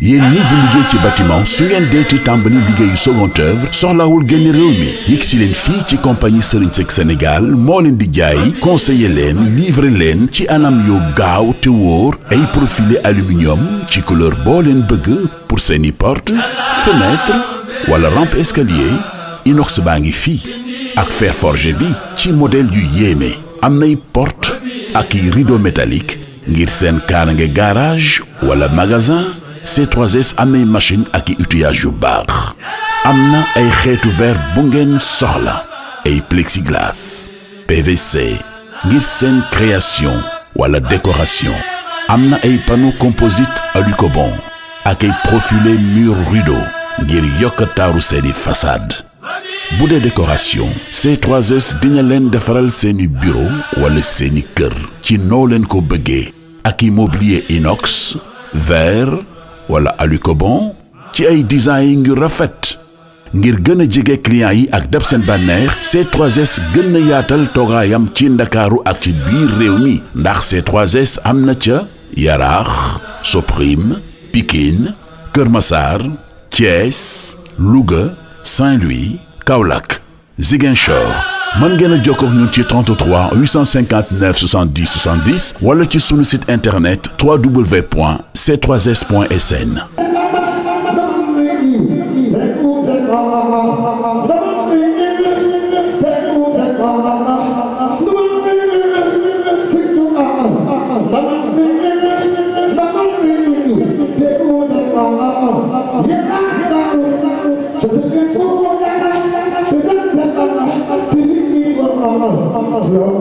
yéen ñii di liggéey ci bâtiment su ngeen deeti tàmbali liggéeyu second œuvre soxlawul génn réew mi yegg si leen fii ci compagnie Serigne Seck Sénégal moo leen di jaay conseiller leen livrer leen ci anam yoo gaaw te wóor ay profilé aluminium ci couleur boo leen bëgg pour seeni porte fenêtre wala rampe escalier inox baa ngi fii ak fer forgé bi ci modèle yu yéeme am nay porte ak i rideau métallique ngir seen kaarange garage wala magasin C3S am machine ak i outillage yu baax am na ay xeetu verre bu ngeen soxla ay plexiglas PVC ngir seen création wala décoration am na ay panneau composite alucobond ak ay profilé mur rideau ngir yokk taaru seeni fasad bu dee décoration C3S dina leen defaral seeni buro walla seeni kër ci noo leen ko bëggee ak i mobilier inox wala alucobon ci ay yi yu rafet ngir gën a jege client yi ak dab seen bànneex c 3 gën a yaatal toogaayam ci ndakaaru ak ci biir réew mi ndax C3S am na ca Yaraax Soprim Pikine Kër Massar Thiès Louga Saint-Louis Kaolack Ziguinchor mën ngeen a jokkoo ak ñun ci 33 859 70 70 wala ci sunu site internet www.c3s.sn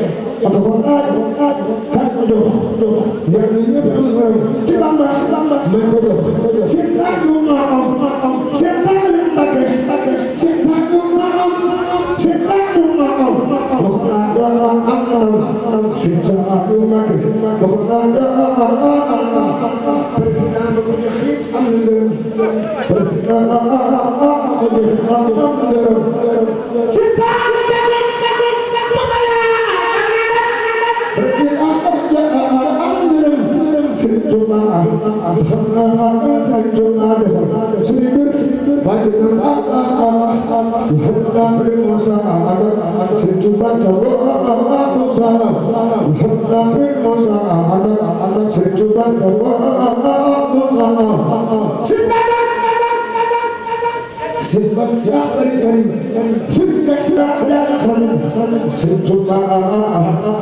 joxe ak ko aaj kan ko jox yàlla na ñëpp am ngërëm ci Bamba mën ko jox seen saa su ma am seen saa leen fàtte seen saa su ma am seen saa su ma am wax naa doon am am seen saa du màgg wax naa doon am am président ba ko jox yi am na ngërëm président ko jox am na ngërëm seen saa ah ah defar naa ah ah sama tool naa defar suñu mbir bàcce na ah ah ah ah alhamdulilah mu sa ah ah ah sëñ Tuba tawoo ah ah ah mu sa ah alhamdulilah mu sa ah ah ah ah sëñ Tuba tawoo ah ah ah mu sa ah ah ah. sëñ Ba si ah bari bari bari suñu mbéy si ah ah ah xam ne sëñ Tuba ah ah ah.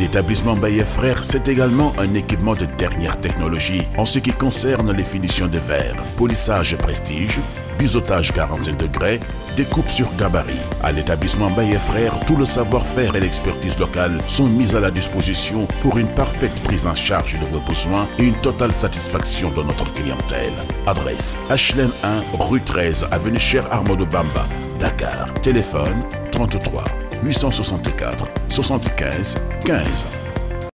L'établissement Baye Frères, c'est également un équipement de dernière technologie en ce qui concerne les finitions de verre, polissage prestige, biseautage 45 degrés, découpe sur gabarit. À l'établissement Baye Frères, tout le savoir-faire et l'expertise locale sont mis à la disposition pour une parfaite prise en charge de vos besoins et une totale satisfaction de notre clientèle. Adresse HLM 1, rue 13, avenue Cheikh Amadou Bamba, Dakar. Téléphone 864 75 15